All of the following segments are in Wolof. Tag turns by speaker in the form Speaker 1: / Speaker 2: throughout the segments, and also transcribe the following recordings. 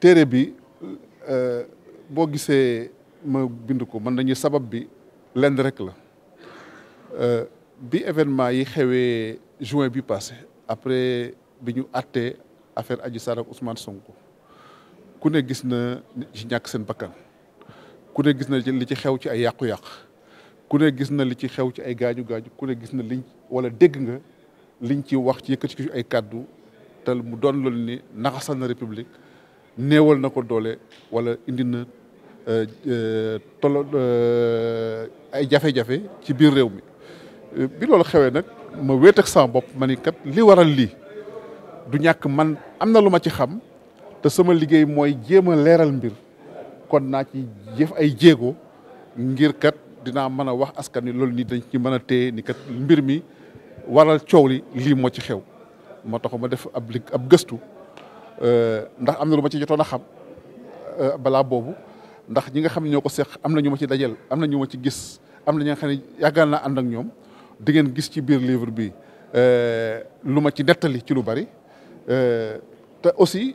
Speaker 1: téere bi euh, boo gisee ma bind ko mën nañu sabab bi lend rek la euh, bi événement yi xewee juin bi passé après bi ñu àttee affaire Adji Sarr ak Ousmane Sonko ku ne gis na ci ñàkk seen bakkan ku ne gis na li ci xew ci ay yàqu-yàq ku ne gis na li ci xew ci ay gaañu gaañu ku ne gis na liñ wala dégg nga liñ ci wax ci yëkkati ci ay kàddu te mu doon loolu ni naxasal na république néewal na ko doole walla indi na euh, euh, tolo euh, ay jafe-jafe ci biir réew mi bi loolu xewee nag ma wéet ak sama bopp ma ni kat li waral li du ñàkk man am na lu ma ci xam te sama liggéey mooy jéem a leeral mbir kon naa ci jëf ay jéego ngir kat dinaa mën a wax askan wi loolu nii dañ ci mën a téye ni kat mbir mi waral coow li lii moo ci xew moo tax ma def ab ab gëstu euh, ndax am na lu ma ci jotoon a xam euh, balaa boobu ndax ñi nga xam ne ñoo ko seq am na ñu ma ci dajel am na ñu ci gis am na ñi nga xam ne ànd ak ñoom di ngeen gis ci biir livre bi euh, lu ma ci nettali ci lu bari te aussi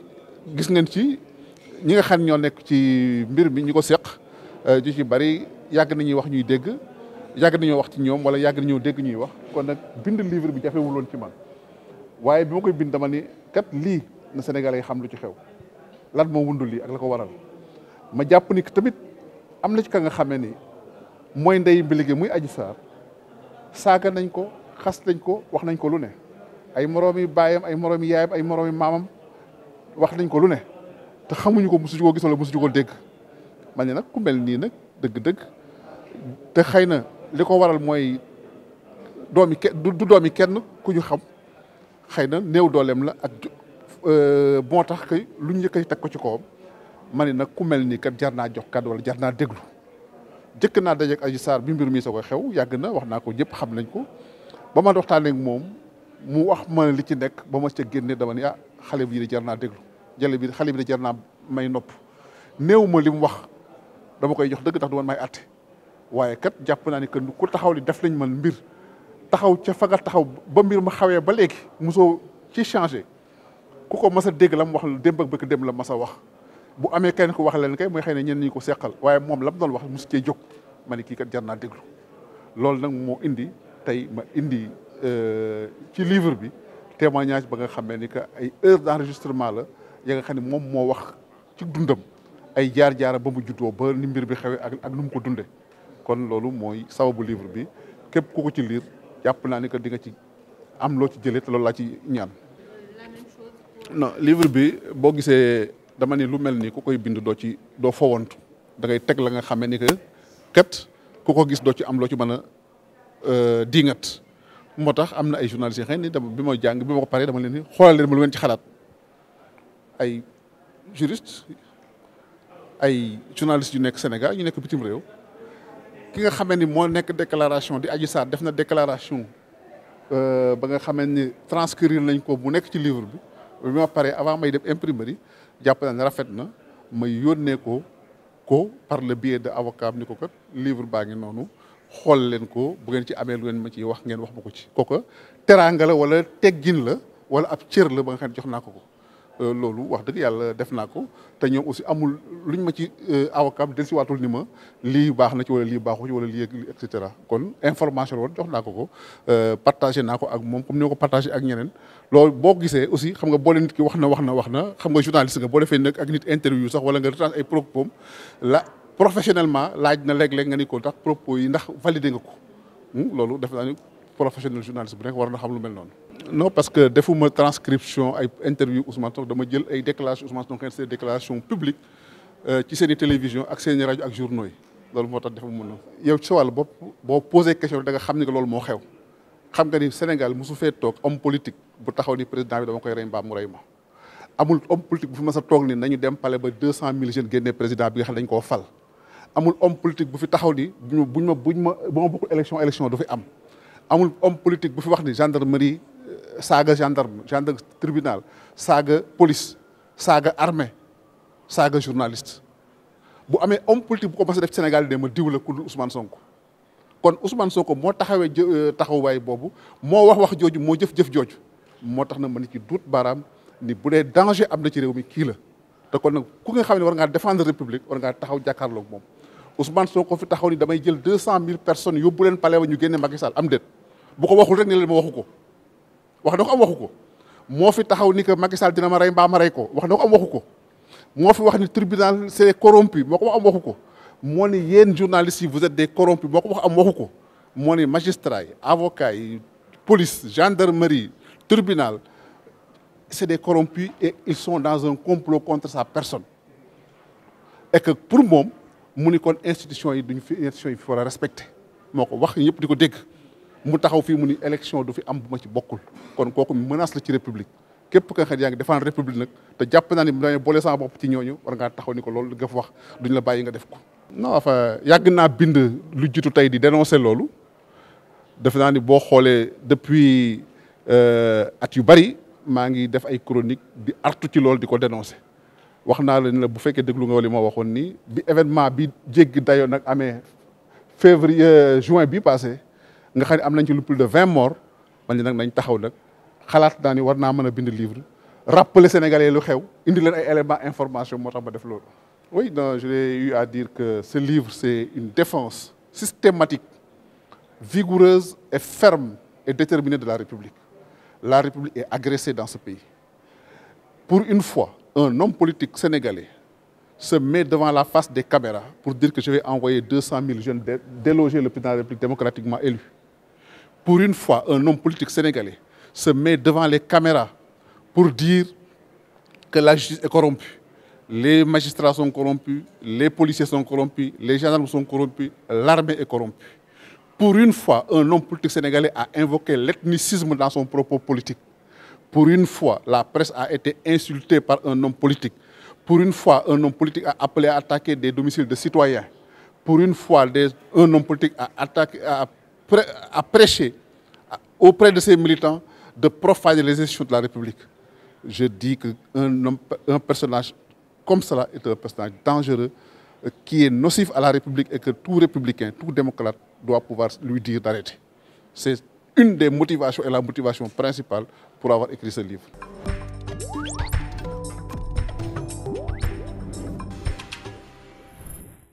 Speaker 1: gis ngeen ci ñi nga xam ñoo nekk ci mbir mi ñi ko seq ju ci bari. yàgg nañuy wax ñuy dégg yàgg nañoo wax ci ñoom wala yàgg nañoo dégg ñuy wax kon nag bind livre bi jafewul woon ci man waaye bi ma koy bind dama ni kat lii na Sénégalais xam lu ci xew lan moom wundu lii ak la ko waral ma jàpp ni tamit am na ci ka nga xamee ni mooy ndey bi liggéey muy Adji Sarr saaga nañ ko xas nañ ko wax nañ ko lu ne ay moroomi baayam ay moroomi yaayam ay moroomi maamam wax nañ ko lu ne te xamuñu ko mosuñu koo gis wala mosuñu koo dégg man ne nag ku mel nii nag dëgg-dëgg te xëy na li ko waral mooy doomi ke du doomi kenn ku ñu xam xëy na néew dooleem la ak euh, moo tax que lu ñu yëkkati teg ko ci kawam ma ne nag ku mel ni kat jar naa jox kàddu wala jar naa déglu jëkk naa dajeeg Adji Sarr bi mbir mi soo xew yàgg na wax naa ko ñëpp xam nañ ko ba ma waxtaanee ak moom mu wax ma li ci nekk ba ma ca génne dama ni ah xale jar naa déglu jële bi xale bi de jar naa may nopp néew ma li mu wax dama koy jox dëgg tax du man may atte waaye kat jàpp naa ni que ku taxaw li def lañ man mbir taxaw ca fa taxaw ba mbir ma xawee ba léegi mosoo ci changé ku ko mas a dégg la mu wax démb ak bëgg dem la mas wax bu amee kenn ku wax leen kay mooy xëy ne ñen ñi ko seqal waaye moom lam doon wax mosu cee jóg ma ne kii kat jar naa déglu loolu nag moo indi tey ma indi euh, ci livre bi témoignage ba nga xamee ni que ay heure d'enregistrement la ya nga xam ne moom moo wax ci dundam ay jaar-jaara ba mu juddoo ba ni mbir bi xewee ak ak nu mu ko dundee kon loolu mooy sababu livre bi képp ku ko ci lire jàpp naa ni que di nga ci am loo ci jëlee te loolu laa ci ñaan. non livre bi boo gisee dama ni lu mel ni ku koy bind doo ci doo fowantu da ngay teg la nga xamee ni que kat ku ko gis doo ci am loo ci mën a euh, diingat moo tax am na ay journalistes yi xëy dama bi ma jàng bi ma ko paree dama leen ni xoolal leen ma lu ngeen ci xalaat ay jurist ay journalistes yu nekk Sénégal yu nekk bitim réew. ki nga xamee ni moo nekk déclaration di Adji Sarr def na déclaration euh, ba nga xamee ni transcrire nañ ko bu nekk ci livre bi bi ma pare avant may def imprimerie jàpp naa ne rafet na may yónnee ko ko par le biais de avocat ni ko kat livre baa ngi noonu xool leen ko bu ngeen ci amee lu ngeen ma ci wax ngeen wax ma ko ci. kooka teraanga la wala teggin la wala ab cër la ba nga xam ne jox naa ko ko. Euh, loolu wax dëgg yàlla def naa ko te ñoom aussi amul luñ ma ci euh, avocat bi del si waatul ni ma lii baax na ci wala lii baaxu ci wala lii et cetera kon information woon jox naa ko ko euh, partagé naa ko ak moom comme ni ko partagé ak ñeneen lool boo gisee aussi xam nga boole nit ki wax na wax na wax na xam nga journaliste nga boo defee nag ak nit interview sax wala nga retrace ay propos la professionnellement laaj na léeg-léeg nga ni ko tax propos yi ndax validé nga ko hmm, loolu def naa ni professionnel journaliste bu nekk war na xam lu mel noonu. non parce que defuma transcription ay interview Ousmane Sonko dama jël ay déclaration Ousmane Sonko seen déclaration publique euh, ci seen télévision ak seen i rajo ak journaux yi loolu moo tax defuma noonu. yow ci sa bopp boo posé question da xam ni que loolu moo xew xam nga ni Sénégal mosu fee toog homme politique bu taxaw ni président bi dama koy rey mbaam mu rey ma. amul homme politique bu fi mas a dem palais ba deux cent mille jeunes génnee président fi taxaw ni buñ ma buñ ma bu ma bokkul élection élection du fi am. amul homme politique bu fi wax ni gendarmerie euh, saaga gendarme gendarme tribunal saaga police saaga armée saaga journaliste bu amee homme politique bu ko mas a def Sénégal de ma diw la ku sonk Ousmane Sonko kon Ousmane Sonko moo taxawee euh, taxawaay boobu moo wax wax jooju moo jëf-jëf jooju moo tax na ma ni ci duut baaraam ni bu dee danger am na ci réew mi kii la te kon nag ku nga xam ne war ngaa défendre république war ngaa taxaw jàkkaarloog moom Ousmane Sonko fi taxaw am déet bu ko waxul rek ne leen ma waxu ko wax na ko am waxu ko moo fi taxaw ni que Macky dina ma rey ko wax na ko am waxu ko moo fi wax ni tribunal c'est corrompu moo ko wax am waxu moo ni yéen journalistes yi vous des corrompus moo wax am waxu ko moo ni magistrats yi avocats yi police gendarmerie tribunal c'est des corrompus et ils sont dans un complot contre sa personne et que pour moom mu ni kon institution yi duñ fi institution yi fi war a respecté moo ko wax ñëpp di ko dégg mu taxaw fii mu ni élection du fi am bu ma ci bokkul kon kooku menace la ci république képp ka nga xam yaa ngi défendre république nag te jàpp naa ni dañoo boole bopp ci ñooñu war ngaa taxaw ni ko loolu nga fa wax duñ la bàyyi nga def ko. non enfin yàgg naa bind lu jiitu tey di dénoncer loolu defe naa ni boo xoolee depuis euh, at yu bari maa ngi def ay chronique di artu ci loolu di ko dénoncer. wax naa la ni la bu fekkee déglu nga li ma waxoon ni bi événement bi jéggi dayoo nag amee février euh, juin bi passé. nga xam ne am nañ ci lu plus de vingt morts man ni nag nañ taxaw nag xalaat naa ni war naa mën a bind livre rappeler Sénégalais lu xew indi leen ay éléments information moo tax ma def loolu. je l'ai eu à dire que ce livre c'est une défense systématique vigoureuse et ferme et déterminée de la République la République est agressée dans ce pays pour une fois un homme politique sénégalais se met devant la face des caméras pour dire que je vais envoyer 200 déloger pour une fois, un homme politique sénégalais se met devant les caméras pour dire que la justice est corrompue. Les magistrats sont corrompus, les policiers sont corrompus, les gendarmes sont corrompus, l'armée est corrompue. Pour une fois, un homme politique sénégalais a invoqué l'ethnicisme dans son propos politique. Pour une fois, la presse a été insultée par un homme politique. Pour une fois, un homme politique a appelé à attaquer des domiciles de citoyens. Pour une fois, des, un homme politique a, attaqué, auprès de ces militants de profaner les de la République. Je dis qu'un un personnage comme cela est un personnage dangereux euh, qui est nocif à la République et que tout républicain, tout démocrate doit pouvoir lui dire d'arrêter. C'est une des motivations et la motivation principale pour avoir écrit ce livre.